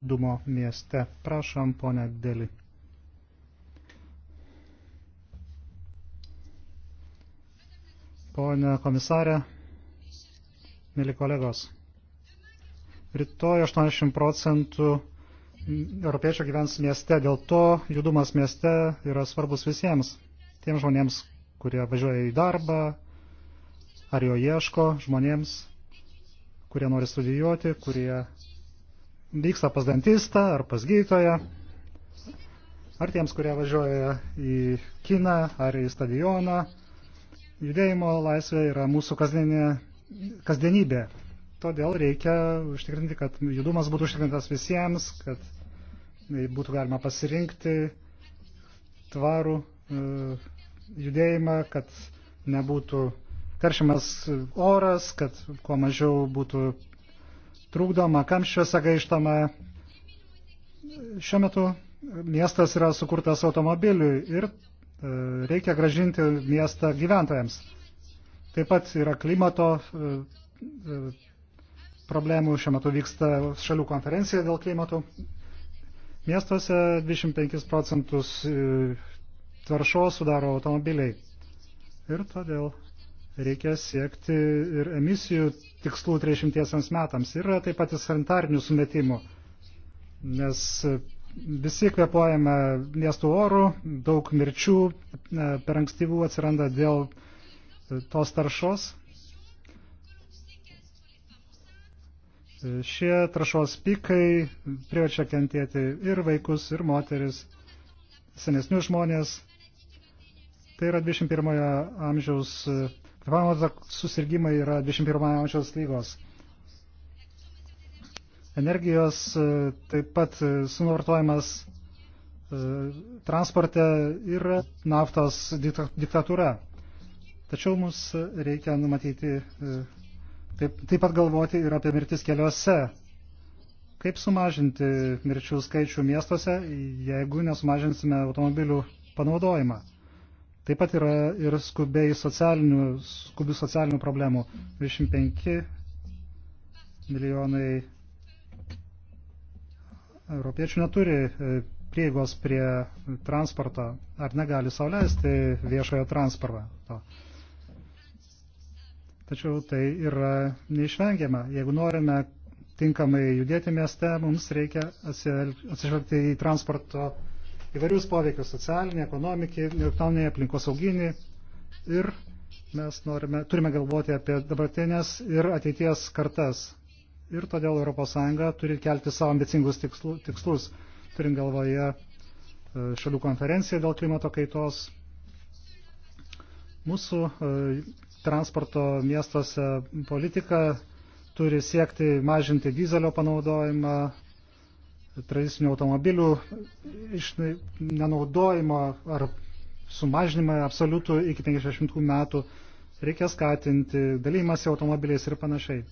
dumo mieste. Prašom, ponia Deli. Pone komisarė, mėly kolegos, rytoj 80 procentų europiečių gyvens mieste, dėl to judumas mieste yra svarbus visiems, tiems žmonėms, kurie važiuoja į darbą, ar jo ieško, žmonėms, kurie nori studijuoti, kurie vyksta pas dantistą ar pas gydytoją, ar tiems, kurie važiuoja į kiną ar į stadioną. Judėjimo laisvė yra mūsų kasdienybė. Todėl reikia užtikrinti, kad judumas būtų užtikrintas visiems, kad būtų galima pasirinkti tvarų e, judėjimą, kad nebūtų karšimas oras, kad kuo mažiau būtų trukdoma, kam šviesa gaištama. Šiuo metu miestas yra sukurtas automobiliui ir e, reikia gražinti miestą gyventojams. Taip pat yra klimato e, e, problemų, šiuo metu vyksta šalių konferencija dėl klimato. Miestuose 25 procentus tvaršos sudaro automobiliai. Ir todėl reikia siekti ir emisijų tikslų 30 metams. Yra taip pat ir sanitarinių sumetimų, nes visi kvepuojame miestų orų, daug mirčių e, per ankstyvų atsiranda dėl tos taršos. E, šie taršos pikai priečia kentėti ir vaikus, ir moteris, senesnius žmonės. Tai yra 21 amžiaus e, Kvepavimo susirgymai yra 21 amžiaus lygos. Energijos e, taip pat e, suvartojimas e, transporte yra naftos diktatūra. Tačiau mums reikia numatyti, taip, taip pat galvoti ir apie mirtis keliuose. Kaip sumažinti mirčių skaičių miestuose, jeigu nesumažinsime automobilių panaudojimą? Taip pat yra ir skubiai socialinių, skubių socialinių problemų. 25 milijonai europiečių neturi e, prieigos prie transporto ar negali sauliaisti viešojo transporto. Tačiau tai yra neišvengiama. Jeigu norime tinkamai judėti mieste, mums reikia atsižvelgti į transporto įvairius poveikius socialinį, ekonominį, aplinkosauginį ir mes norime, turime galvoti apie dabartinės ir ateities kartas. Ir todėl ES turi kelti savo ambicingus tikslus, turint galvoje e, šalių konferenciją dėl klimato kaitos. Mūsų e, transporto miestuose politika turi siekti mažinti dizelio panaudojimą, tradicinių automobilių iš nenaudojimo ar sumažinimą absoliutų iki 50 metų, reikia skatinti dalymasi automobiliais ir panašiai.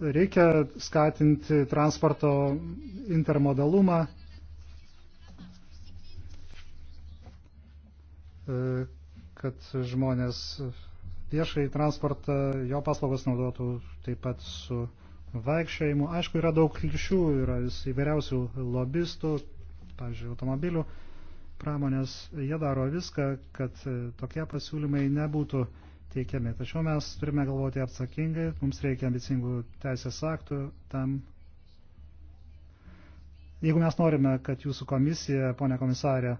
Reikia skatinti transporto intermodalumą, e, kad žmonės viešai transportą, jo paslaugas naudotų taip pat su vaikščiojimų. Aišku, yra daug klišių, yra įvairiausių lobistų, pavyzdžiui, automobilių pramonės. Jie daro viską, kad e, tokie pasiūlymai nebūtų teikiami. Tačiau mes turime galvoti atsakingai, mums reikia ambicingų teisės aktų tam. Jeigu mes norime, kad jūsų komisija, ponia komisarė,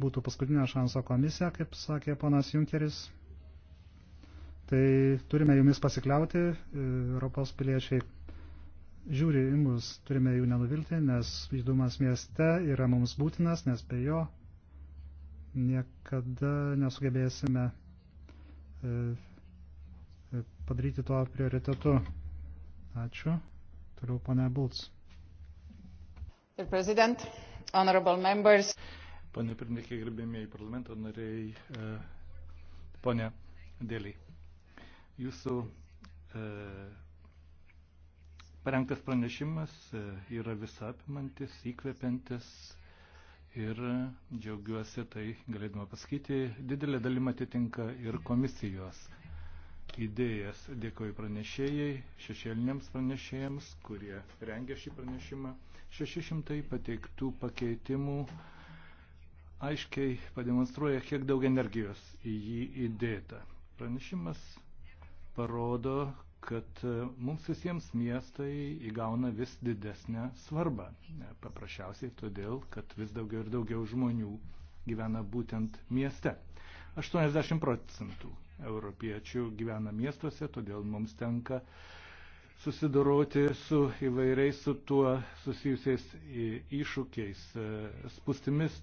būtų paskutinio šanso komisija, kaip sakė ponas Junkeris, tai turime jumis pasikliauti, e, Europos piliečiai žiūri į mus, turime jų nenuvilti, nes judumas mieste yra mums būtinas, nes be jo niekada nesugebėsime e, e, padaryti to prioritetu. Ačiū. Toliau pane Bulc. Pane pirmininkė, gerbėmėjai parlamento nariai, ponė Dėliai. Jūsų e, parengtas pranešimas e, yra visapimantis, įkvepiantis ir džiaugiuosi tai, galėdama pasakyti, didelė dalim atitinka ir komisijos idėjas. Dėkoju pranešėjai, šešėliniams pranešėjams, kurie rengė šį pranešimą. 600 pateiktų pakeitimų aiškiai pademonstruoja, kiek daug energijos į jį įdėta. Pranešimas parodo, kad e, mums visiems miestai įgauna vis didesnę svarbą. E, paprasčiausiai todėl, kad vis daugiau ir daugiau žmonių gyvena būtent mieste. 80 procentų europiečių gyvena miestuose, todėl mums tenka susidoroti su įvairiais su tuo susijusiais e, iššūkiais, spustimis,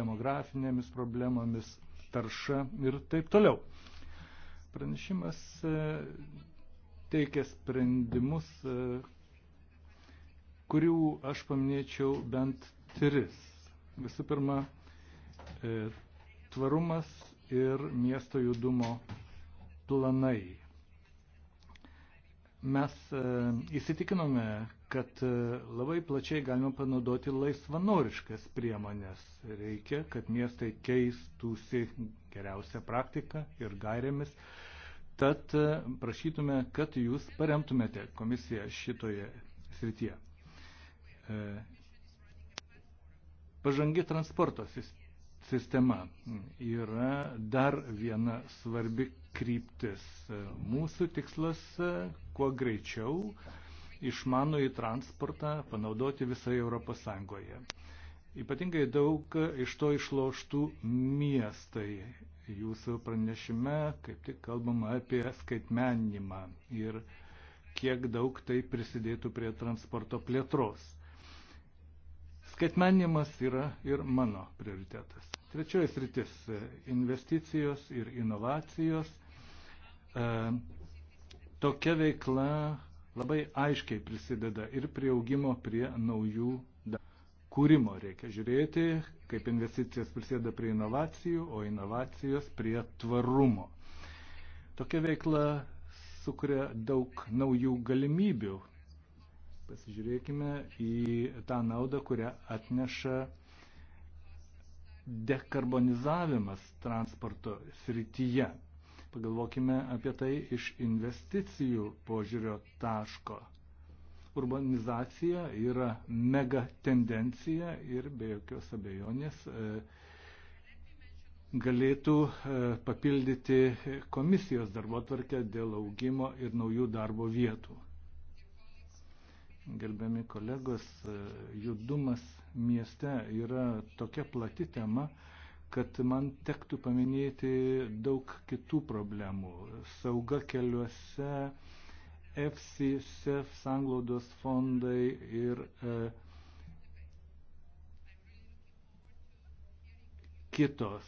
demografinėmis problemomis, tarša ir taip toliau. Pranešimas e, teikia sprendimus, e, kurių aš paminėčiau bent tris. Visų pirma, e, tvarumas ir miesto judumo planai. Mes įsitikinome, kad labai plačiai galima panaudoti laisvanoriškas priemonės. Reikia, kad miestai keistųsi geriausią praktiką ir gairėmis. Tad e, prašytume, kad jūs paremtumėte komisiją šitoje srityje. E, pažangi transporto sistema yra dar viena svarbi kryptis. E, mūsų tikslas kuo greičiau išmanų į transportą panaudoti visoje Europos Sąjungoje. Ypatingai daug iš to išloštų miestai. Jūsų pranešime kaip tik kalbama apie skaitmeninimą ir kiek daug tai prisidėtų prie transporto plėtros. Skaitmeninimas yra ir mano prioritetas. Trečioji sritis - investicijos ir inovacijos. E, tokia veikla labai aiškiai prisideda ir prie augimo, prie naujų kūrimo. Reikia žiūrėti, kaip investicijos prisėda prie inovacijų, o inovacijos prie tvarumo. Tokia veikla sukuria daug naujų galimybių. Pasižiūrėkime į tą naudą, kurią atneša dekarbonizavimas transporto srityje. Pagalvokime apie tai iš investicijų požiūrio taško urbanizacija yra mega tendencija ir be jokios abejonės e, galėtų e, papildyti komisijos darbo tvarkę dėl augimo ir naujų darbo vietų. Gerbiami kolegos, e, judumas mieste yra tokia plati tema, kad man tektų paminėti daug kitų problemų. Sauga keliuose, EFSI, SEF, sanglaudos fondai ir e, kitos.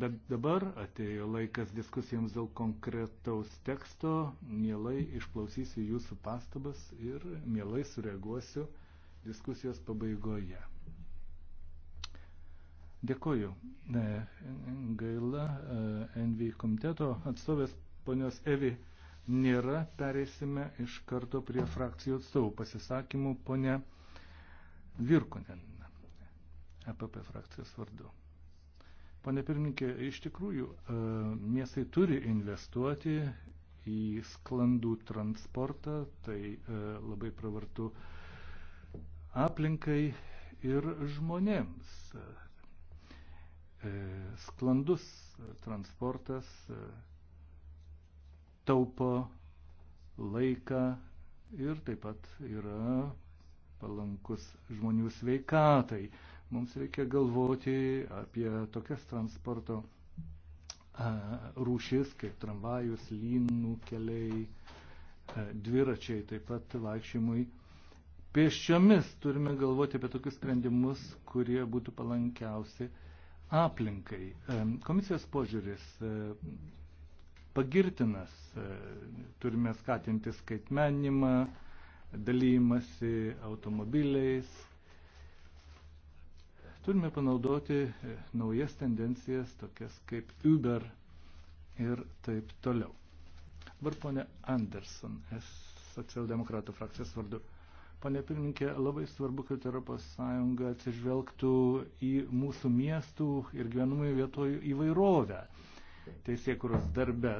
Bet dabar atėjo laikas diskusijoms dėl konkretaus teksto. Mielai išklausysiu jūsų pastabas ir mielai sureaguosiu diskusijos pabaigoje. Dėkoju. E, gaila e, NV komiteto atstovės ponios Evi nėra, pereisime iš karto prie frakcijų atstovų pasisakymų ponia Virkunen, EPP frakcijos vardu. Pane pirmininkė, iš tikrųjų, e, miestai turi investuoti į sklandų transportą, tai e, labai pravartu aplinkai ir žmonėms. E, sklandus transportas taupo laiką ir taip pat yra palankus žmonių sveikatai. Mums reikia galvoti apie tokias transporto rūšis kaip tramvajus, lynų keliai, dviračiai, taip pat vaikščiojimui pėsčiomis turime galvoti apie tokius sprendimus, kurie būtų palankiausi aplinkai. Komisijos požiūris e, pagirtinas. E, turime skatinti skaitmenimą, dalymasi automobiliais. Turime panaudoti e, naujas tendencijas, tokias kaip Uber ir taip toliau. Dabar ponė Anderson, es socialdemokratų frakcijos vardu. Pane pirmininkė, labai svarbu, kad ES atsižvelgtų į mūsų miestų ir gyvenamųjų vietojų įvairovę teisėkuros darbe.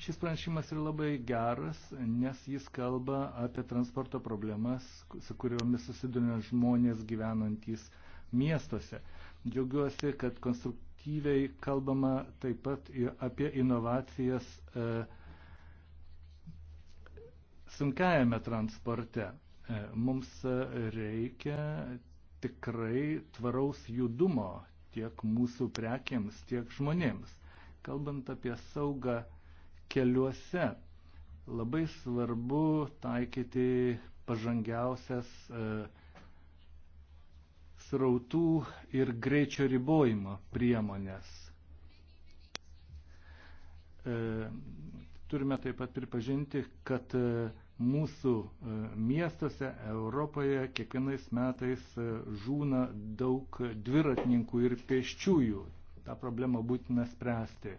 Šis pranešimas yra labai geras, nes jis kalba apie transporto problemas, su kuriomis susiduria žmonės gyvenantys miestuose. Džiaugiuosi, kad konstruktyviai kalbama taip pat ir apie inovacijas e, sunkiajame transporte. E, mums reikia tikrai tvaraus judumo tiek mūsų prekiams, tiek žmonėms. Kalbant apie saugą keliuose, labai svarbu taikyti pažangiausias e, srautų ir greičio ribojimo priemonės. E, turime taip pat pripažinti, kad e, mūsų e, miestuose, Europoje kiekvienais metais e, žūna daug dviratininkų ir pėsčiųjų tą problemą būtina spręsti.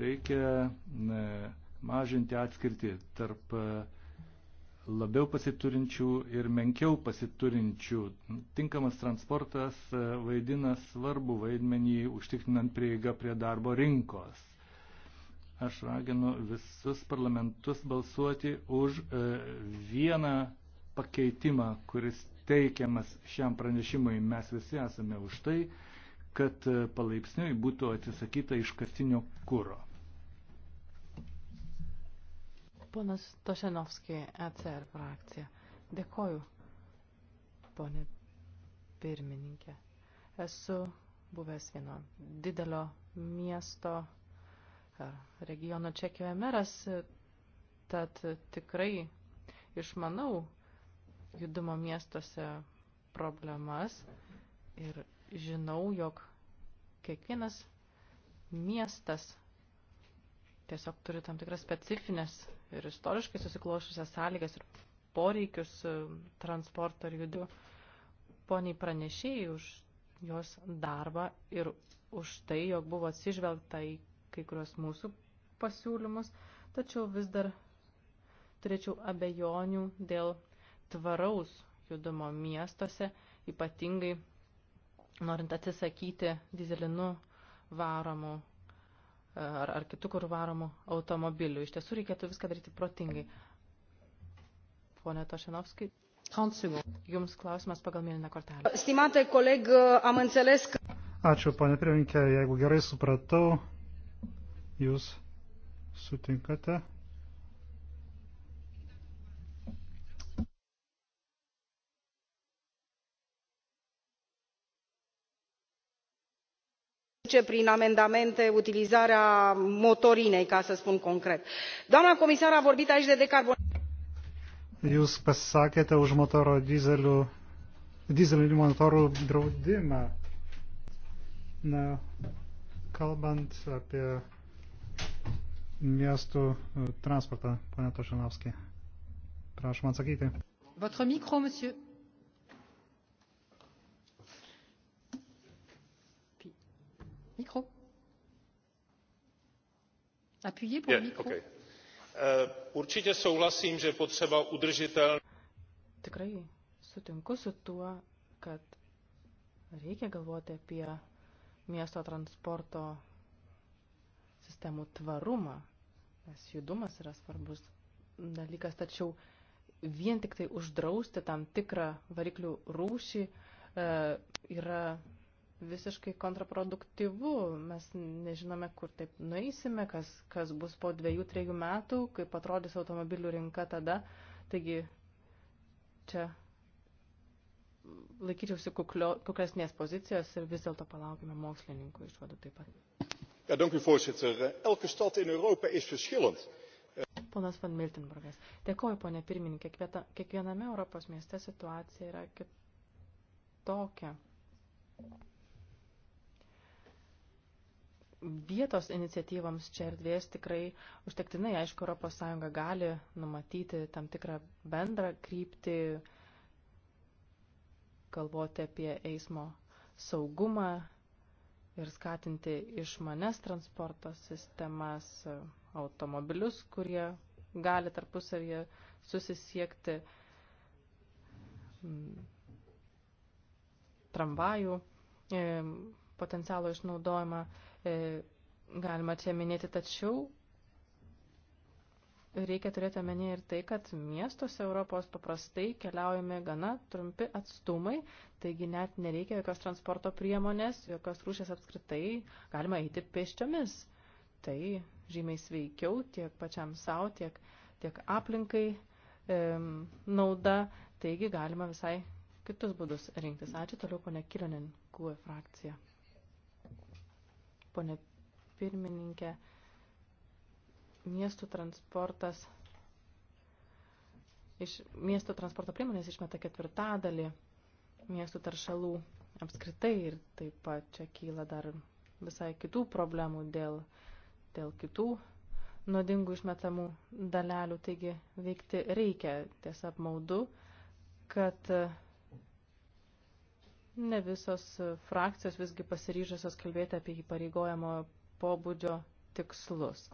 Reikia mažinti atskirtį tarp e, labiau pasiturinčių ir menkiau pasiturinčių. Tinkamas transportas e, vaidina svarbu vaidmenį užtikrinant prieigą prie darbo rinkos. Aš raginu visus parlamentus balsuoti už e, vieną pakeitimą, kuris teikiamas šiam pranešimui. Mes visi esame už tai, kad e, palaipsniui būtų atsisakyta iškastinio kūro. Ponas Tošenovskiai, ECR frakcija. Dėkoju, ponė pirmininkė. Esu buvęs vieno didelio miesto e, regiono Čekijoje meras, e, tad tikrai išmanau judumo miestuose problemas ir žinau, jog kiekvienas miestas tiesiog turi tam tikras specifines ir istoriškai susiklošusias sąlygas ir poreikius e, transporto ir judu poniai pranešėjai už jos darbą ir už tai, jog buvo atsižvelgta į kai kurios mūsų pasiūlymus, tačiau vis dar turėčiau abejonių dėl tvaraus judumo miestuose, ypatingai norint atsisakyti dizelinu varomų e, ar, ar kitų kur varomų automobilių. Iš tiesų reikėtų viską daryti protingai. Pone Tošenovskai. Jums klausimas pagal mėlyną kortelę. Stimate koleg, am înțeles că... Ačiū, pane pirminkė, jeigu gerai supratau, jūs sutinkate prin amendamente utilizarea motorinei ca să spun concret. doamna comisar a vorbit aici de decarbonizare. Jūs pasisakėte už motoro dizelių, dizelinių motorų draudimą. Na, kalbant apie miestų e, transportą, ponė Tošinovskė. Prašom atsakyti. Votre micro, monsieur. micro. Appuyez pour je, micro. Okay. Uh, určitě souhlasím, že potřeba udržitel... Tikrai sutinku su tuo, kad reikia galvoti apie miesto transporto sistemų tvarumą, nes judumas yra svarbus dalykas, tačiau vien tik tai uždrausti tam tikrą variklių rūšį e, yra visiškai kontraproduktyvu. Mes nežinome, kur taip nueisime, kas, kas bus po dviejų, trejų metų, kaip atrodys automobilių rinka tada. Taigi čia laikyčiausi kuklio, kuklesnės pozicijos ir vis dėlto palaukime mokslininkų išvadų taip pat. Ja, dank u voorzitter. Eh, elke stad in Europa is verschillend. Eh, Ponas Van Miltenburgas. Dėkoju, ponė pirmininkė. Kiekviename Europos mieste situacija yra kitokia vietos iniciatyvams čia erdvės tikrai užtektinai, aišku, ES gali numatyti tam tikrą bendrą kryptį, galvoti apie eismo saugumą ir skatinti išmanes transporto sistemas, automobilius, kurie gali tarpusavyje susisiekti mm, tramvajų potencialo išnaudojimą. E, galima čia minėti, tačiau reikia turėti omenyje ir tai, kad miestuose Europos paprastai keliaujame gana trumpi atstumai, taigi net nereikia jokios transporto priemonės, jokios rūšės apskritai, galima eiti pėsčiomis. Tai žymiai sveikiau tiek pačiam savo, tiek, tiek aplinkai e, nauda, taigi galima visai kitus būdus rinktis. Ačiū toliau, ponia Kironin, GUE frakcija ponė pirmininkė. Miestų transportas iš miesto transporto priemonės išmeta ketvirtadalį miestų taršalų apskritai ir taip pat čia kyla dar visai kitų problemų dėl, dėl kitų nuodingų išmetamų dalelių, taigi veikti reikia. Tiesa apmaudu, kad Ne visos frakcijos visgi pasiryžusios kalbėti apie įpareigojamo pobūdžio tikslus.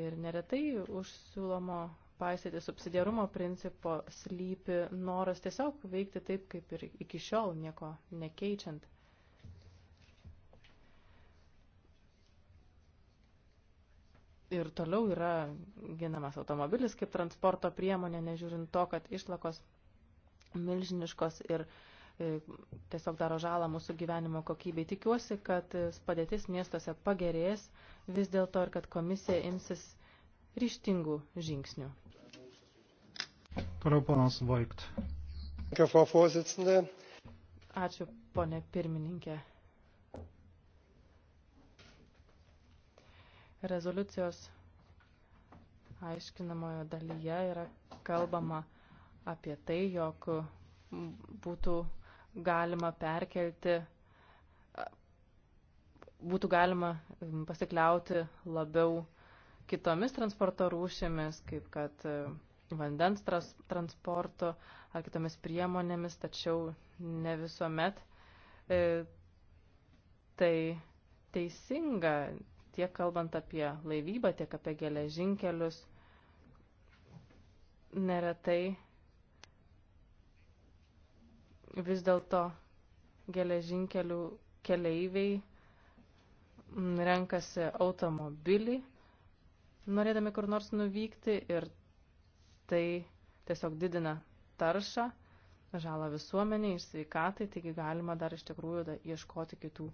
Ir neretai užsiūlomo paisyti subsidiarumo principo slypi noras tiesiog veikti taip, kaip ir iki šiol, nieko nekeičiant. ir toliau yra ginamas automobilis kaip transporto priemonė, nežiūrint to, kad išlakos milžiniškos ir E, tiesiog daro žalą mūsų gyvenimo kokybei. Tikiuosi, kad padėtis miestuose pagerės vis dėlto ir kad komisija imsis ryštingų žingsnių. Toliau panas Voigt. Ačiū, ponė pirmininkė. Rezoliucijos aiškinamojo dalyje yra kalbama apie tai, jog būtų galima perkelti, būtų galima mm, pasikliauti labiau kitomis transporto rūšėmis, kaip kad e, vandens tras, transporto ar kitomis priemonėmis, tačiau ne visuomet e, tai teisinga, tiek kalbant apie laivybą, tiek apie geležinkelius. Neretai vis dėlto geležinkelių keleiviai renkasi automobilį, norėdami kur nors nuvykti ir tai tiesiog didina taršą, žalą visuomeniai ir sveikatai, taigi galima dar iš tikrųjų da, ieškoti kitų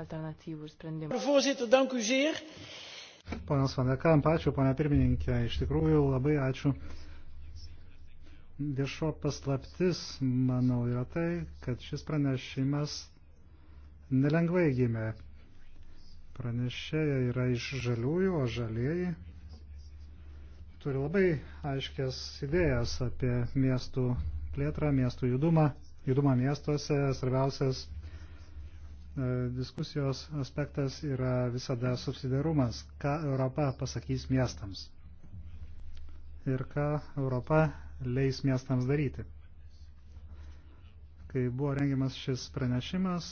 alternatyvų ir sprendimų. Ponas Vandekamp, ačiū, ponia pirmininkė, iš tikrųjų labai ačiū viešo paslaptis, manau, yra tai, kad šis pranešimas nelengvai gimė. Pranešėja yra iš žaliųjų, o žalieji turi labai aiškias idėjas apie miestų plėtrą, miestų judumą, judumą miestuose. Svarbiausias e, diskusijos aspektas yra visada subsidiarumas, ką Europa pasakys miestams ir ką Europa leis miestams daryti. Kai buvo rengiamas šis pranešimas,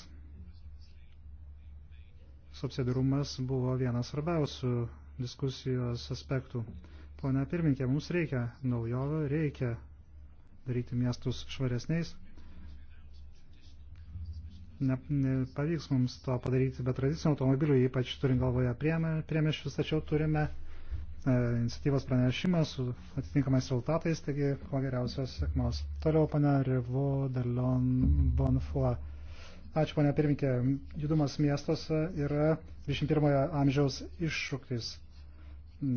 subsidirumas buvo vienas svarbiausių diskusijos aspektų. Pone pirminkė, mums reikia naujovių, reikia daryti miestus švaresniais. Nepavyks ne mums to padaryti be tradicinių automobilių, ypač turint galvoje prieme, priemešius, tačiau turime E, iniciatyvos pranešimas su atitinkamais rezultatais, taigi kuo geriausios sėkmos. Toliau pana Revo Dalon Bonfoy. Ačiū, ponia pirminkė. Judumas miestuose yra 21-ojo amžiaus iššūkis,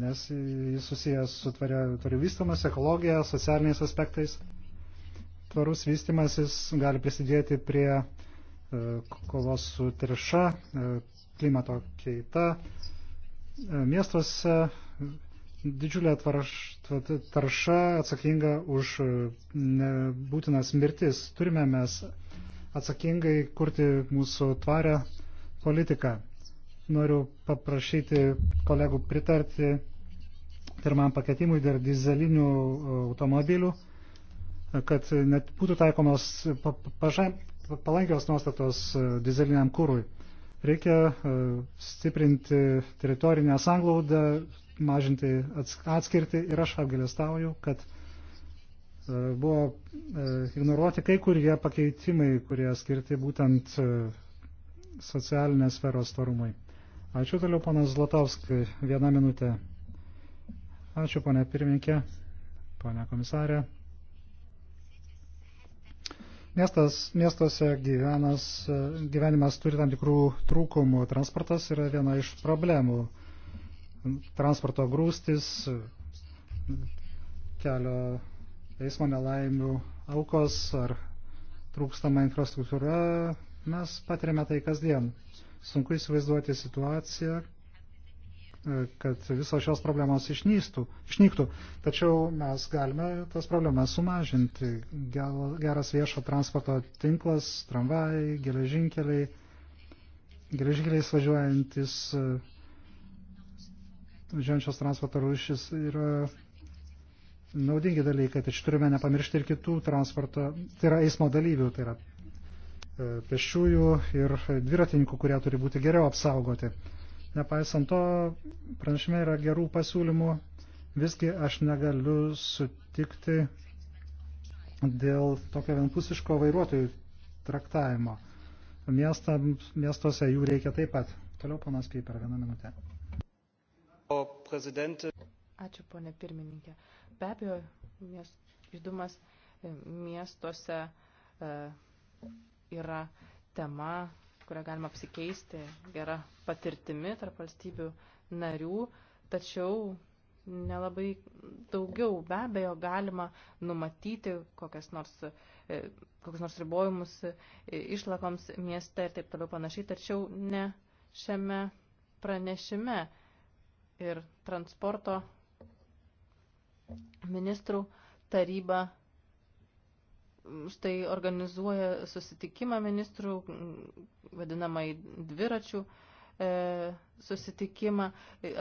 nes jis susijęs su tvariu vystimas, ekologija, socialiniais aspektais. Tvarus vystimasis gali prisidėti prie e, kovos su terša, e, klimato keita, miestuose didžiulė tarša atsakinga už e, būtinas mirtis. Turime mes atsakingai kurti mūsų tvarę politiką. Noriu paprašyti kolegų pritarti pirmam pakeitimui dėl dizelinių e, automobilių, kad net būtų taikomos palankios nuostatos e, dizeliniam kūrui. Reikia e, stiprinti teritorinę sanglaudą, mažinti atskirti ir aš apgalėstauju, kad e, buvo e, ignoruoti kai kurie pakeitimai, kurie skirti būtent socialinės sferos tvarumui. Ačiū toliau, ponas Zlatovskai, vieną minutę. Ačiū, ponė pirmininkė, ponė komisarė. Miestas, miestuose gyvenas, gyvenimas turi tam tikrų trūkumų. Transportas yra viena iš problemų. Transporto grūstis, kelio eismo nelaimių aukos ar trūkstama infrastruktūra. Mes patiriame tai kasdien. Sunku įsivaizduoti situaciją, E, kad visos šios problemos išnystų, išnyktų. Tačiau mes galime tas problemas sumažinti. Geras viešo transporto tinklas, tramvajai, geležinkeliai, geležinkeliais važiuojantis e, važiuojančios transporto rūšis yra naudingi dalykai, tačiau turime nepamiršti ir kitų transporto, tai yra eismo dalyvių, tai yra e, pešiųjų ir dviratininkų, kurie turi būti geriau apsaugoti. Nepaisant to, pranešime yra gerų pasiūlymų, visgi aš negaliu sutikti dėl tokio vienpusiško vairuotojų traktavimo. Miesta, miestuose jų reikia taip pat. Toliau ponas Piper, vieną minutę. Ačiū, ponė pirmininkė. Be abejo, mies, judumas e, miestuose e, yra tema, kuria galima apsikeisti gera patirtimi tarp valstybių narių, tačiau nelabai daugiau be abejo galima numatyti kokias nors, e, kokias nors ribojimus e, išlakoms mieste ir taip toliau panašiai, tačiau ne šiame pranešime ir transporto ministrų taryba štai organizuoja susitikimą ministrų, vadinamai dviračių e, susitikimą,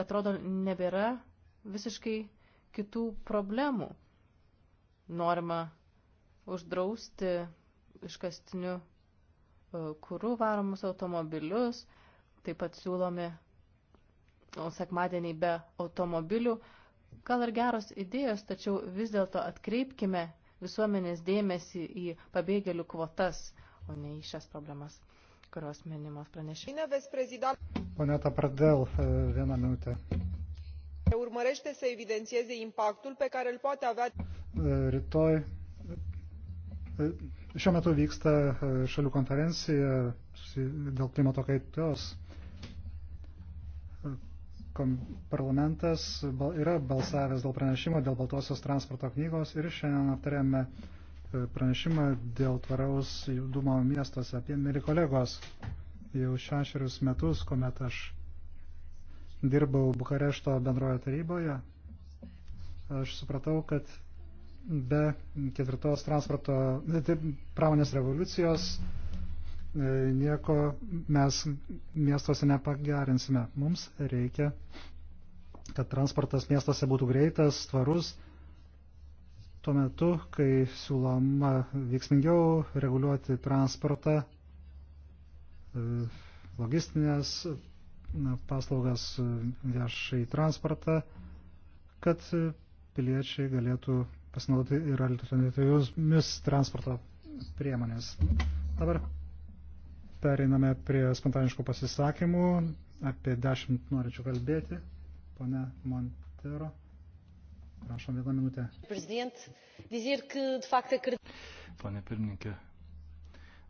atrodo, nebėra visiškai kitų problemų. Norima uždrausti iškastiniu e, kūrų varomus automobilius, taip pat siūlomi sekmadieniai be automobilių. Gal ir geros idėjos, tačiau vis dėlto atkreipkime visuomenės dėmesį į pabėgėlių kvotas, o ne į šias problemas, kurios minimos pranešime. Pone Tapradėl, e, vieną minutę. Urmărește să evidențieze impactul pe care îl poate avea. E, rytoj e, Šiuo metu vyksta šalių konferencija dėl klimato kaitos, parlamentas yra balsavęs dėl pranešimo dėl Baltosios transporto knygos ir šiandien aptarėme e, pranešimą dėl tvaraus judumo miestuose. Mėly kolegos, jau šešerius metus, kuomet aš dirbau Bukarešto bendrojo taryboje, aš supratau, kad be ketvirtos transporto pramonės revoliucijos E, nieko mes miestuose nepagerinsime. Mums reikia, kad transportas miestuose būtų greitas, tvarus. Tuo metu, kai siūloma veiksmingiau reguliuoti transportą, e, logistinės paslaugas e, viešai transportą, kad piliečiai galėtų pasinaudoti ir alternatyvius transporto priemonės. Dabar Pereiname prie spontaniškų pasisakymų. Apie dešimt norėčiau kalbėti. Pone Montero. Prašom vieną minutę. Pane pirmininkė,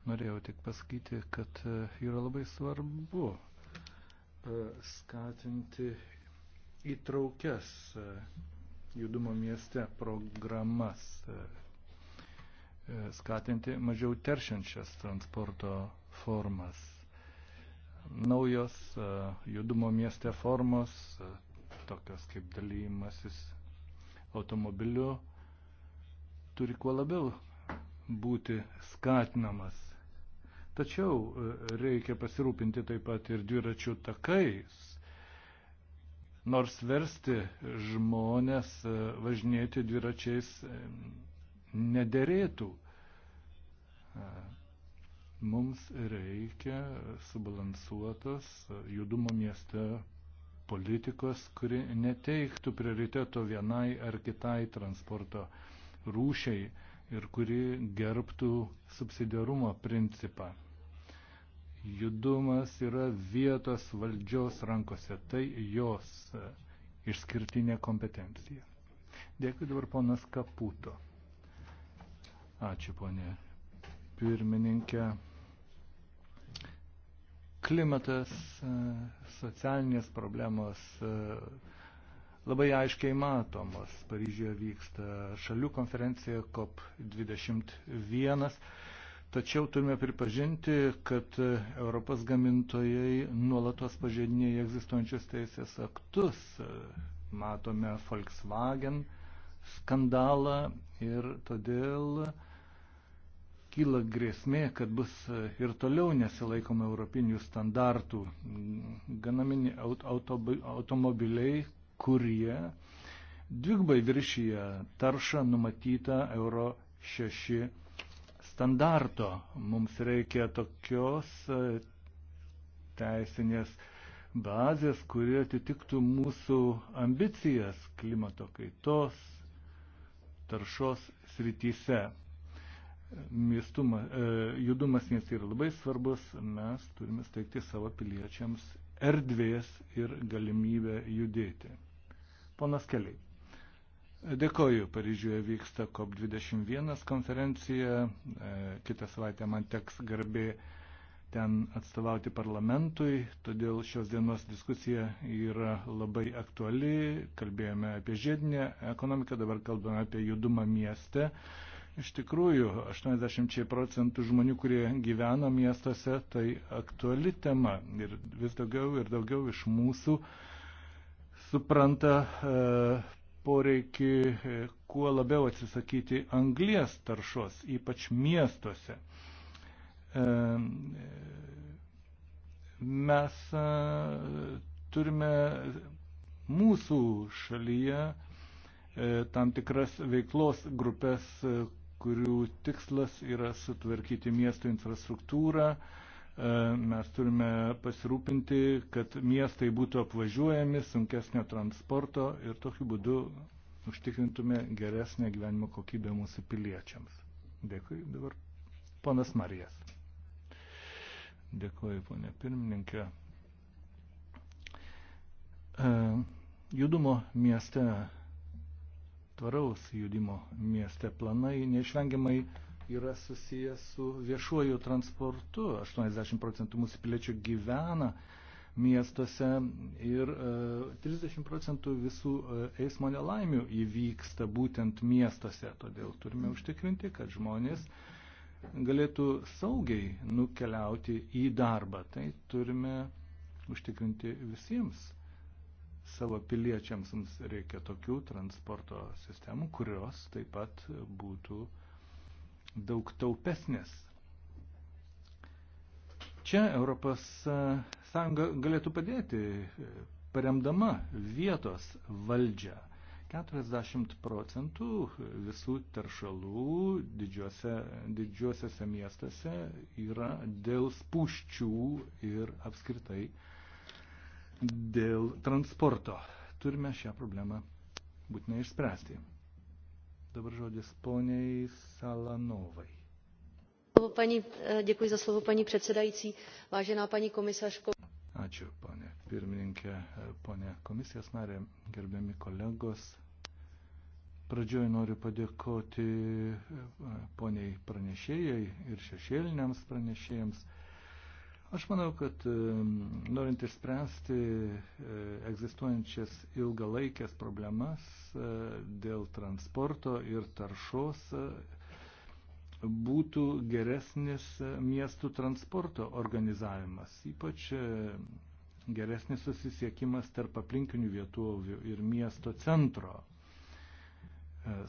norėjau tik pasakyti, kad e, yra labai svarbu e, skatinti įtraukias e, judumo mieste programas E, skatinti mažiau teršiančias transporto formas. Naujos e, judumo mieste formos, e, tokios kaip dalymasis automobiliu, turi kuo labiau būti skatinamas. Tačiau reikia pasirūpinti taip pat ir dviračių takais. Nors versti žmonės važinėti dviračiais nederėtų. E, mums reikia subalansuotos judumo mieste politikos, kuri neteiktų prioriteto vienai ar kitai transporto rūšiai ir kuri gerbtų subsidiarumo principą. Judumas yra vietos valdžios rankose, tai jos e, išskirtinė kompetencija. Dėkui dabar ponas Kaputo. Ačiū, ponė pirmininkė. Klimatas, e, socialinės problemos e, labai aiškiai matomos. Paryžioje vyksta šalių konferencija COP21. Tačiau turime pripažinti, kad Europos gamintojai nuolatos pažeidinėja egzistuojančius teisės aktus. Matome Volkswagen skandalą ir todėl kyla grėsmė, kad bus e, ir toliau nesilaikoma europinių standartų ganamini auto, automobiliai, kurie dvigbai viršyje taršą numatytą Euro 6 standarto. Mums reikia tokios e, teisinės bazės, kurie atitiktų mūsų ambicijas klimato kaitos taršos srityse. Miestuma, e, judumas miestai yra labai svarbus, mes turime steigti savo piliečiams erdvės ir galimybę judėti. Ponas Keliai. Dėkoju, Paryžiuje vyksta COP21 konferencija, e, kitą savaitę man teks garbė ten atstovauti parlamentui, todėl šios dienos diskusija yra labai aktuali, kalbėjome apie žiedinę ekonomiką, dabar kalbame apie judumą mieste. Iš tikrųjų, 80 procentų žmonių, kurie gyvena miestuose, tai aktuali tema. Ir vis daugiau ir daugiau iš mūsų supranta e, poreikį e, kuo labiau atsisakyti anglies taršos, ypač miestuose. E, mes e, turime mūsų šalyje e, tam tikras veiklos grupės, e, kurių tikslas yra sutvarkyti miesto infrastruktūrą. E, mes turime pasirūpinti, kad miestai būtų apvažiuojami sunkesnio transporto ir tokiu būdu užtikrintume geresnę gyvenimo kokybę mūsų piliečiams. Dėkui dabar ponas Marijas. Dėkuoju, ponė pirmininkė. E, judumo mieste tvaraus judimo mieste. Planai neišvengiamai yra susijęs su viešuoju transportu. 80 procentų mūsų piliečių gyvena miestuose ir 30 e, procentų visų e, eismo nelaimių įvyksta būtent miestuose. Todėl turime užtikrinti, kad žmonės galėtų saugiai nukeliauti į darbą. Tai turime užtikrinti visiems savo piliečiams. Mums reikia tokių transporto sistemų, kurios taip pat būtų daug taupesnės. Čia Europos e, Sąjunga galėtų padėti, e, paremdama vietos valdžią. 40 procentų visų teršalų didžiuose, didžiuosiuose miestuose yra dėl spūščių ir apskritai uh, dėl transporto. Turime šią problemą būtinai išspręsti. Dabar žodis poniai Salanovai. Paní, e, děkuji za slovo, paní předsedající. Vážená paní komisařko. Ačiū, ponė pirmininkė, e, ponė komisijos narė, gerbiami kolegos. Pradžioj noriu padėkoti e, poniai pranešėjai ir šešėliniams pranešėjams. Aš manau, kad norint išspręsti e, egzistuojančias ilgalaikės problemas e, dėl transporto ir taršos, e, būtų geresnis miestų transporto organizavimas, ypač geresnis susisiekimas tarp aplinkinių vietovių ir miesto centro.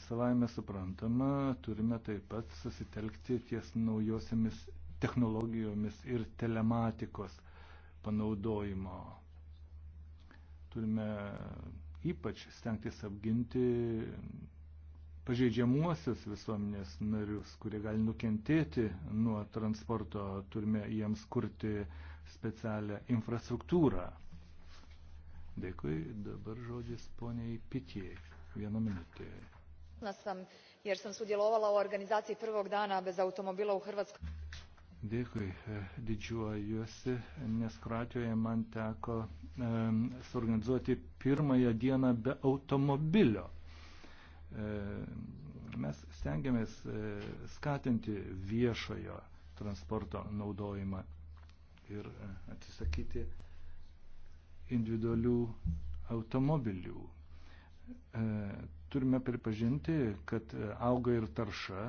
Savaime suprantama, turime taip pat susitelkti ties naujosiamis technologijomis ir telematikos panaudojimo. Turime ypač stengtis apginti pažeidžiamuosius visuomenės narius, kurie gali nukentėti nuo transporto, turime jiems kurti specialią infrastruktūrą. Dėkui, dabar žodis poniai Pitijai. Vieną minutę. Sam, jer sam sudjelovala u organizaciji prvog dana bez automobila u Hrvatskoj. Dėkui, e, didžiuojuosi, nes Kroatijoje man teko e, suorganizuoti pirmąją dieną be automobilio. E, mes stengiamės e, skatinti viešojo transporto naudojimą ir e, atsisakyti individualių automobilių. E, turime pripažinti, kad e, auga ir tarša,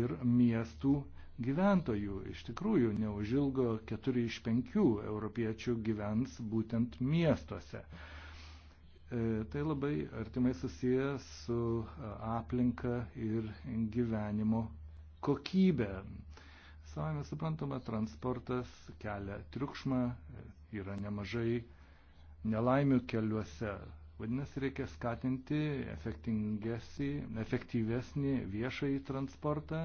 ir miestų e, gyventojų. Iš tikrųjų, neužilgo 4 iš 5 europiečių gyvens būtent miestuose. E, tai labai artimai susijęs su e, aplinka ir gyvenimo kokybė. Savame suprantama, transportas kelia triukšmą, e, yra nemažai nelaimių keliuose. Vadinasi, reikia skatinti efektyvesnį viešąjį transportą,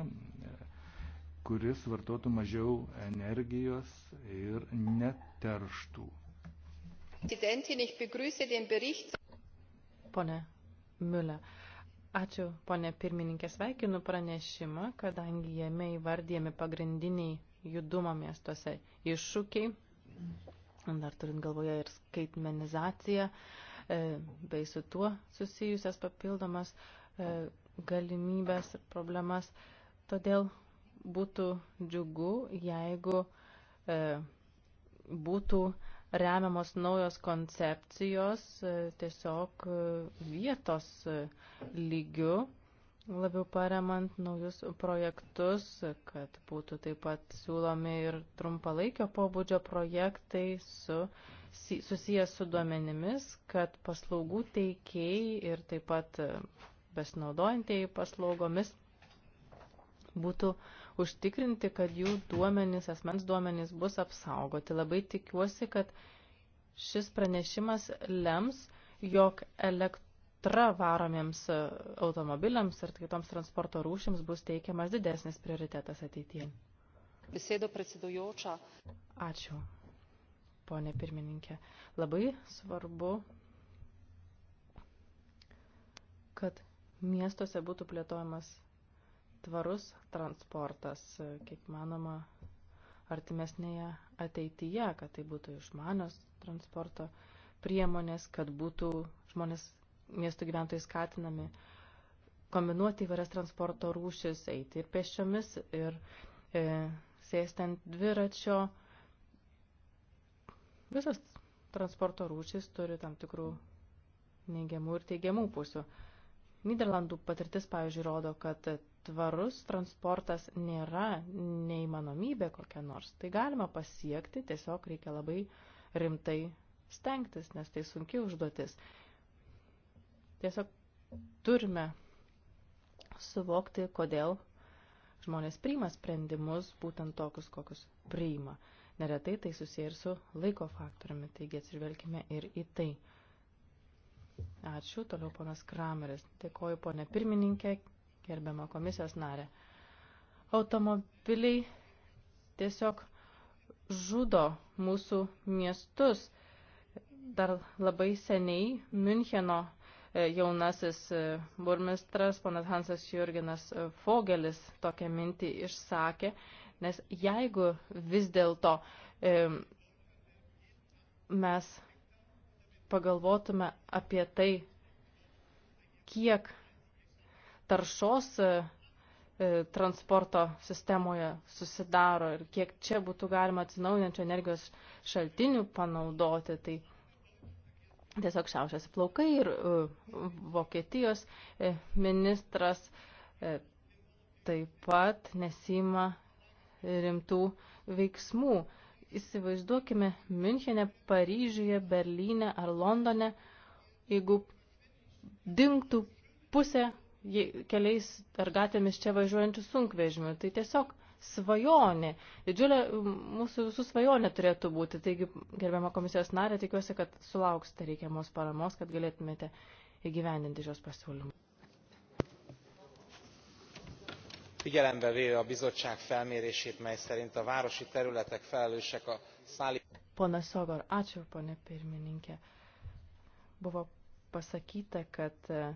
kuris vartotų mažiau energijos ir neterštų. Pone Müller, ačiū, pone pirmininkė, sveikinu pranešimą, kadangi jame įvardyjami pagrindiniai judumo miestuose iššūkiai, dar turint galvoje ir skaitmenizaciją, e, bei su tuo susijusias papildomas e, galimybės ir problemas. Todėl būtų džiugu, jeigu e, būtų remiamos naujos koncepcijos e, tiesiog e, vietos e, lygių, labiau paremant naujus projektus, kad būtų taip pat siūlomi ir trumpalaikio pobūdžio projektai su, si, susijęs su duomenimis, kad paslaugų teikėjai ir taip pat e, besinaudojantieji paslaugomis būtų uh, užtikrinti, kad jų duomenys, asmens duomenys bus apsaugoti. Labai tikiuosi, kad šis pranešimas lems, jog elektra varomiems automobiliams ir kitoms transporto rūšims bus teikiamas didesnis prioritetas ateityje. Besedo presidujoča. Ačiū, ponė pirmininkė. Labai svarbu, kad miestuose būtų plėtojamas tvarus transportas, kiek manoma, artimesnėje ateityje, kad tai būtų išmanios transporto priemonės, kad būtų žmonės, miestų gyventojai skatinami kombinuoti įvairias transporto rūšis, eiti ir pešiomis, ir e, sėsti ant dviračio. Visas transporto rūšis turi tam tikrų neigiamų ir teigiamų pusių. Niderlandų patirtis, pavyzdžiui, rodo, kad tvarus transportas nėra neįmanomybė kokia nors. Tai galima pasiekti, tiesiog reikia labai rimtai stengtis, nes tai sunki užduotis. Tiesiog turime suvokti, kodėl žmonės priima sprendimus būtent tokius, kokius priima. Neretai tai susiję ir su laiko faktoriumi, taigi atsižvelgime ir į tai. Ačiū, toliau ponas Krameris. Dėkoju, ponė pirmininkė, gerbiama komisijos narė. Automobiliai tiesiog žudo mūsų miestus. Dar labai seniai Müncheno e, jaunasis e, burmistras, ponas Hansas Jurginas Fogelis, e, tokią mintį išsakė, nes jeigu vis dėlto mes pagalvotume apie tai, kiek taršos e, e, transporto sistemoje susidaro ir kiek čia būtų galima atsinaujinančių energijos šaltinių panaudoti, tai tiesiog šiaušiasi plaukai ir e, Vokietijos ministras taip pat nesima rimtų veiksmų. Įsivaizduokime Münchenė, Paryžiuje, Berlyne ar Londone, jeigu dinktų pusė keliais ar gatėmis čia važiuojančių sunkvežimių. Tai tiesiog svajonė, didžiulė mūsų visų svajonė turėtų būti. Taigi, gerbiama komisijos narė, tikiuosi, kad sulauksite reikiamos paramos, kad galėtumėte įgyvendinti šios pasiūlymus. Figyelembe véve a bizottság felmérését, mely szerint a városi területek felelősek a szállítások. Pone Sogor, ačiū, pone pirmininkė. Buvo pasakyta, kad e,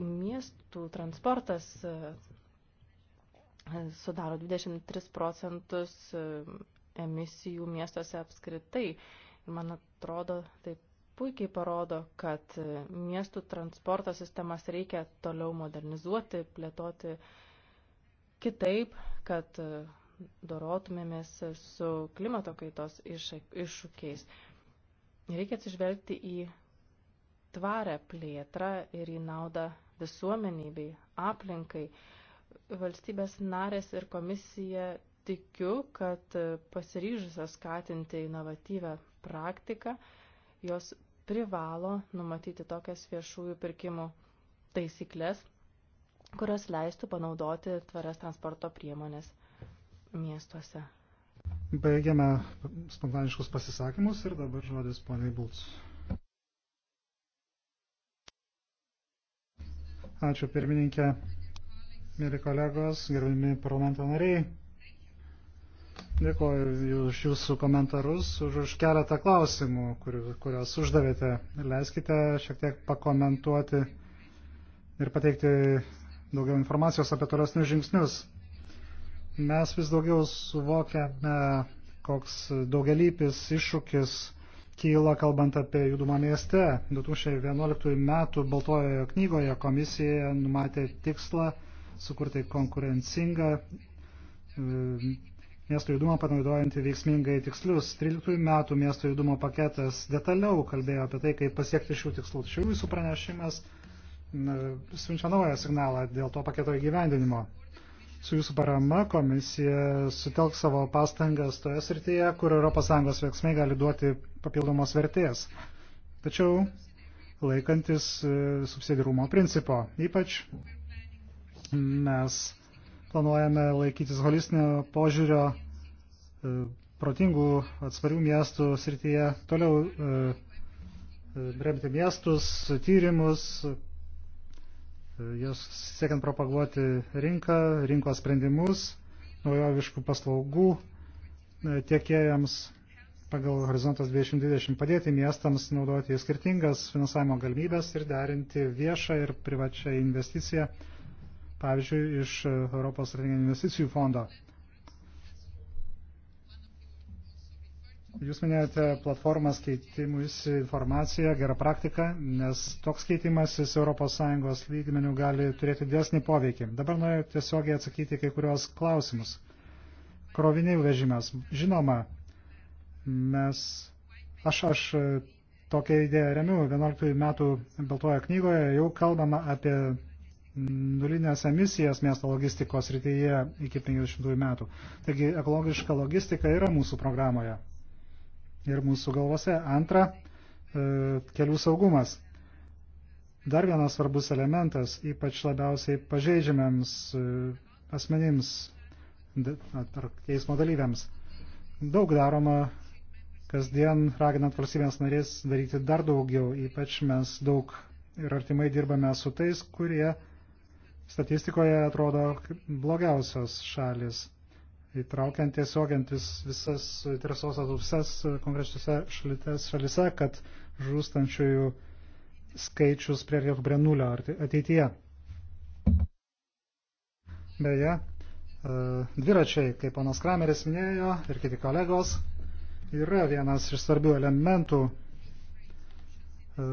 miestų transportas e, sudaro 23 procentus e, emisijų miestuose apskritai. Ir man atrodo, tai puikiai parodo, kad miestų transporto sistemas reikia toliau modernizuoti, plėtoti kitaip, kad dorotumėmės su klimato kaitos iššūkiais. Reikia atsižvelgti į tvarę plėtrą ir į naudą visuomeniai bei aplinkai. Valstybės narės ir komisija tikiu, kad pasiryžusios skatinti inovatyvę praktiką, jos privalo numatyti tokias viešųjų pirkimų taisyklės, kurios leistų panaudoti tvarias transporto priemonės miestuose. Baigiame spontaniškus pasisakymus ir dabar žodis poniai Bults. Ačiū pirmininkė, mėly kolegos, gerbimi parlamento nariai. Dėkuoju už jūsų komentarus, už, už keletą klausimų, kur, kuriuos uždavėte. Leiskite šiek tiek pakomentuoti ir pateikti daugiau informacijos apie tolesnius žingsnius. Mes vis daugiau suvokiame, koks daugelypis iššūkis kyla kalbant apie judumą mieste. 2011 m. Baltojoje knygoje komisija numatė tikslą sukurti konkurencingą e, miesto judumą panaudojantį veiksmingai tikslius. 13 metų miesto judumo paketas detaliau kalbėjo apie tai, kaip pasiekti šių tikslų. Šių jūsų pranešimas e, siunčia naują signalą dėl to paketo įgyvendinimo. Su jūsų parama komisija sutelk savo pastangas toje srityje, kur ES veiksmai gali duoti papildomos vertės. Tačiau laikantis e, subsidirumo principo. Ypač mes planuojame laikytis holistinio požiūrio e, protingų atsparių miestų srityje, toliau e, remti miestus, tyrimus, jos siekiant propaguoti rinką, rinkos sprendimus, naujoviškų paslaugų tiekėjams pagal Horizontas 2020 padėti miestams naudoti skirtingas finansavimo galimybės ir derinti viešą ir privačią investiciją, pavyzdžiui, iš Europos strateginių investicijų fondo. Jūs minėjote platformas keitimus informaciją, gerą praktiką, nes toks keitimasis ES lygmenių gali turėti dėsnį poveikį. Dabar noriu tiesiogiai atsakyti kai kurios klausimus. Kroviniai vežimas. Žinoma, mes, aš, aš e, tokią idėją remiu, 11 metų Baltojo knygoje jau kalbama apie nulinės emisijas miesto logistikos rytyje iki 50 metų. Taigi ekologiška logistika yra mūsų programoje ir mūsų galvose. Antra, e, kelių saugumas. Dar vienas svarbus elementas, ypač labiausiai pažeidžiamiams e, asmenims ar eismo dalyviams. Daug daroma kasdien raginant valstybės narės daryti dar daugiau, ypač mes daug ir artimai dirbame su tais, kurie statistikoje atrodo blogiausios šalis, įtraukiant tiesiogiant vis, visas tiesos atupsas konkrečiose šalise, kad žūstančiųjų skaičius prie, prie nulio ateityje. Beje, e, dviračiai, kaip ponas Krameris minėjo ir kiti kolegos, yra vienas iš svarbių elementų e,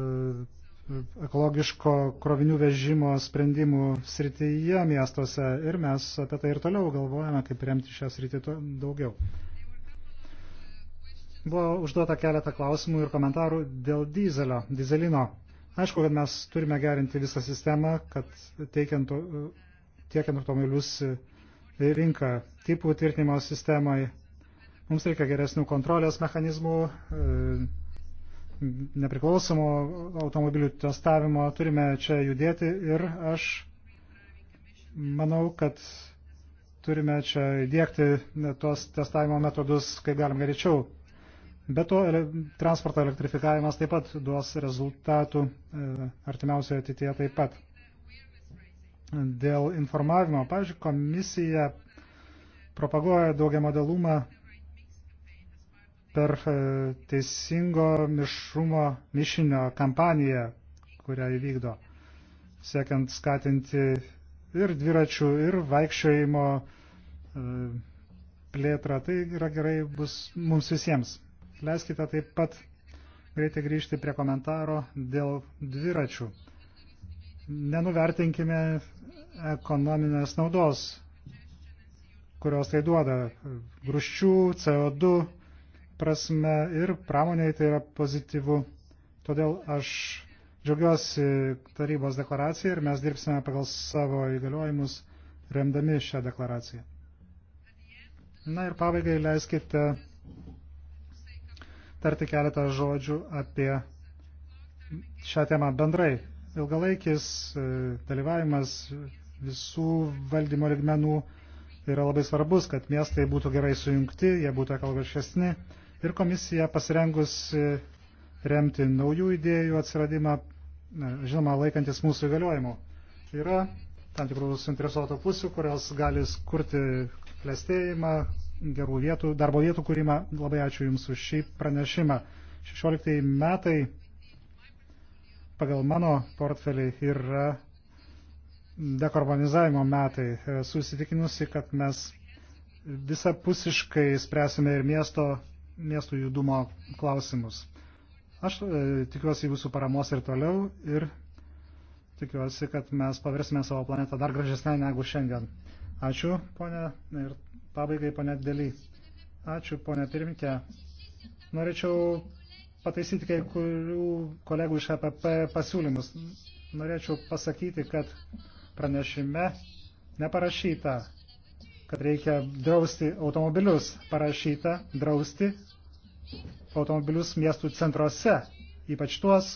ekologiško krovinių vežimo sprendimų srityje miestuose ir mes apie tai ir toliau galvojame, kaip remti šią sritį daugiau. Buvo užduota keletą klausimų ir komentarų dėl dizelio, dizelino. Aišku, kad mes turime gerinti visą sistemą, kad teikiant, tiekiant automobilius rinką, tipų tvirtinimo sistemai Mums reikia geresnių kontrolės mechanizmų, e, nepriklausomų automobilių testavimo. Turime čia judėti ir aš manau, kad turime čia įdėkti tuos testavimo metodus, kaip galim greičiau. Be to, transporto elektrifikavimas taip pat duos rezultatų e, artimiausioje ateityje taip pat. Dėl informavimo, pavyzdžiui, komisija propaguoja daugiamadalumą per e, teisingo mišrumo mišinio kampaniją, kurią įvykdo, siekiant skatinti ir dviračių, ir vaikščiojimo e, plėtrą. Tai yra gerai bus mums visiems. Leiskite taip pat greitai grįžti prie komentaro dėl dviračių. Nenuvertinkime ekonominės naudos, kurios tai duoda gruščių, CO2 prasme ir pramoniai tai yra pozityvu. Todėl aš džiaugiuosi tarybos deklaraciją ir mes dirbsime pagal savo įgaliojimus remdami šią deklaraciją. Na ir pabaigai leiskite tarti keletą žodžių apie šią temą bendrai. Ilgalaikis e, dalyvavimas visų valdymo ligmenų yra labai svarbus, kad miestai būtų gerai sujungti, jie būtų ekologiškesni ir komisija pasirengus e, remti naujų idėjų atsiradimą, e, žinoma, laikantis mūsų įgaliojimų. Yra tam tikrų suinteresuoto pusių, kurios gali skurti klėstėjimą, gerų vietų, darbo vietų kūrimą. Labai ačiū Jums už šį pranešimą. 16 metai pagal mano portfelį yra dekarbonizavimo metai. Susitikinusi, kad mes visapusiškai spręsime ir miesto miestų judumo klausimus. Aš e, tikiuosi jūsų paramos ir toliau ir tikiuosi, kad mes paversime savo planetą dar gražesnę negu šiandien. Ačiū, ponė, ir pabaigai, ponė Dėly. Ačiū, ponė pirmininkė. Norėčiau pataisyti kai kurių kolegų iš EPP pasiūlymus. Norėčiau pasakyti, kad pranešime neparašyta, kad reikia drausti automobilius. Parašyta drausti automobilius miestų centruose, ypač tuos,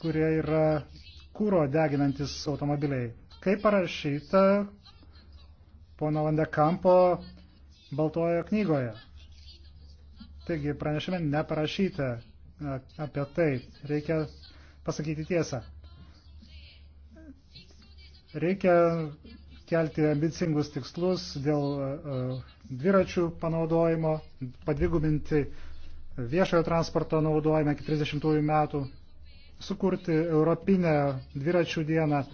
kurie yra kūro deginantis automobiliai. Kaip parašyta pono Vandekampo baltojo knygoje. Taigi pranešime neparašyta e, apie tai. Reikia pasakyti tiesą. Reikia kelti ambicingus tikslus dėl e, e, dviračių panaudojimo, padvigubinti viešojo transporto naudojimą iki 30 metų, sukurti Europinę dviračių dieną, e,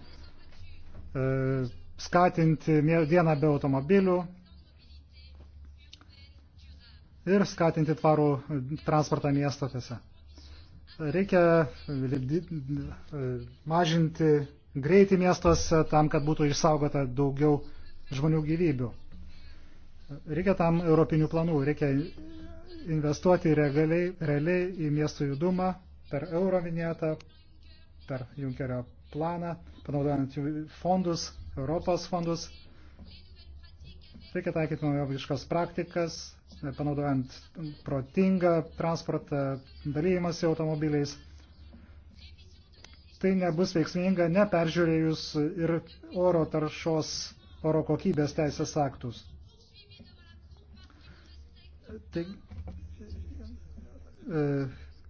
skatinti dieną be automobilių ir skatinti tvarų transportą miestatėse. Reikia mažinti greitį miestuose tam, kad būtų išsaugota daugiau žmonių gyvybių. Reikia tam europinių planų, reikia investuoti realiai, realiai į miestų judumą per euro vinėtą, per Junkerio planą, panaudojant fondus, Europos fondus. Reikia taikyti naujoviškas praktikas, panaudojant protingą transportą, dalyjimas automobiliais tai nebus veiksminga neperžiūrėjus ir oro taršos, oro kokybės teisės aktus. Tai, e,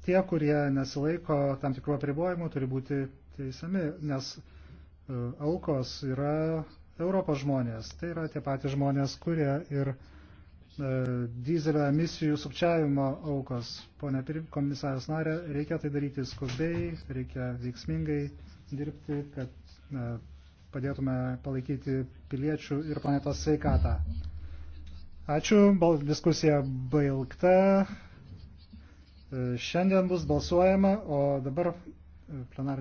tie, kurie nesilaiko tam tikrų apribojimų, turi būti teisami, nes e, aukos yra Europos žmonės. Tai yra tie patys žmonės, kurie ir e, E, dizelio emisijų sukčiavimo aukos. Pone komisaras narė, reikia tai daryti skubiai, reikia veiksmingai dirbti, kad e, padėtume palaikyti piliečių ir planetos sveikatą. Ačiū, diskusija baigta. E, šiandien bus balsuojama, o dabar plenarinė.